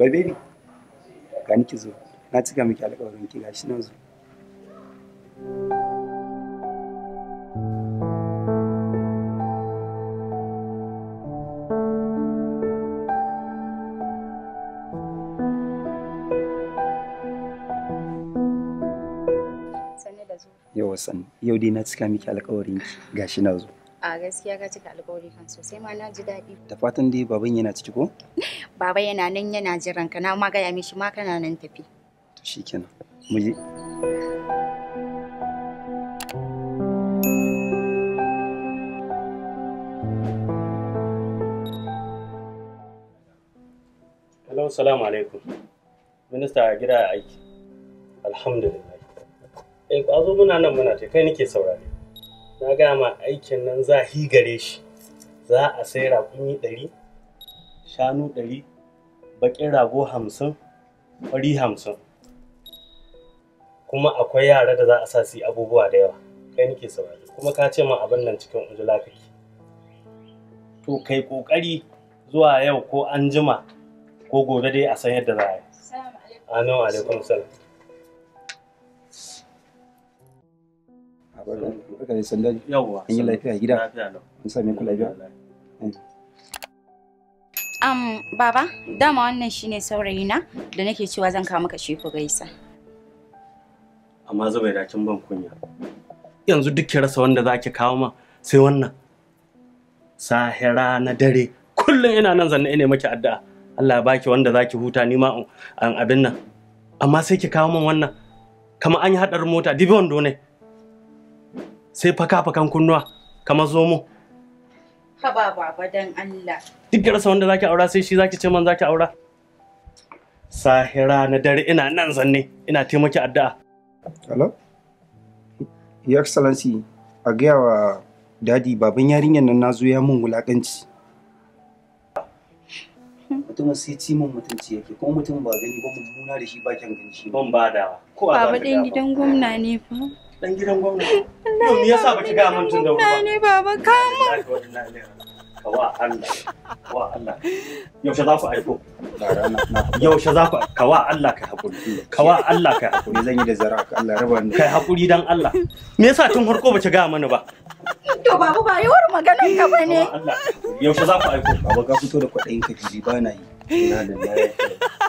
Bai bebi? ga niki zo, na cika miki alƙawarin ki gashi nan zo. Yau wasan, yau dai na cika miki alƙawarin ki gashi na zo. A gaskiya ka cika alƙawari kan sosai ma na ji daɗi. Da fatan dai baban yana ciki ko? Baba yana nan yana jiran ka na ma gaya mishi ma kana nan tafi. To shikenan. Mu yi. Hello, salamu alaikum. Minista gida aiki. Alhamdulillah. Eh, ku zo muna nan muna ce kai nake saurare. na gama aikin nan za hi gare shi za a sai raƙumi ɗari shanu ɗari baƙin rago hamsin ƙwari hamsin kuma akwai yara da za a sa su abubuwa da yawa kai nake saurari kuma ka ce min abin nan cikin ujula kake to kai ƙoƙari zuwa yau ko an jima ko gobe dai a san yadda za a yi. assalamu alaikum alaikum barka da sallan yawa yi lafiya gida an same ku lafiya um baba dama wannan shine saurayi na da nake cewa zan kawo maka shi ku gaisa amma zuba da kin ban kunya yanzu duk ki rasa wanda zaki kawo ma sai wannan sahira na dare kullum ina nan zanne ina maki addu'a Allah ya baki wanda zaki huta ni ma an abin nan amma sai ki kawo min wannan kamar an yi hadar mota dibi wando ne sai faka-fakan kunnuwa kamar zomo. ba baba dan Allah. Duk garsa wanda zaki aura sai shi zaki ce man zaki aura. Sahira na dare ina nan zanne ina taimaki addu'a. Hello? Your Excellency, a gaya wa dadi baban yarinyar nan nazo ya mun wulakanci. Mutumin sai ci mun mutunci yake kuma mutum ba gani ba mummuna da shi ba kyan gani shi. Ban ba dawa. Baba ɗin gidan gwamna ne fa. dan gidan gwamna yau me yasa baki ga mun tun da ba ni baba ka mu kawa Allah kawa Allah za ku aiko yaushe za ku kawa Allah kai hakuri kawa Allah kai hakuri zan yi da zara Allah raba ni kai hakuri dan Allah me yasa tun farko bace ga mana ba to babu ba yawar ka bane za ku aiko baba ka fito da kwaɗayin ka ji ba na yi ina da lafiya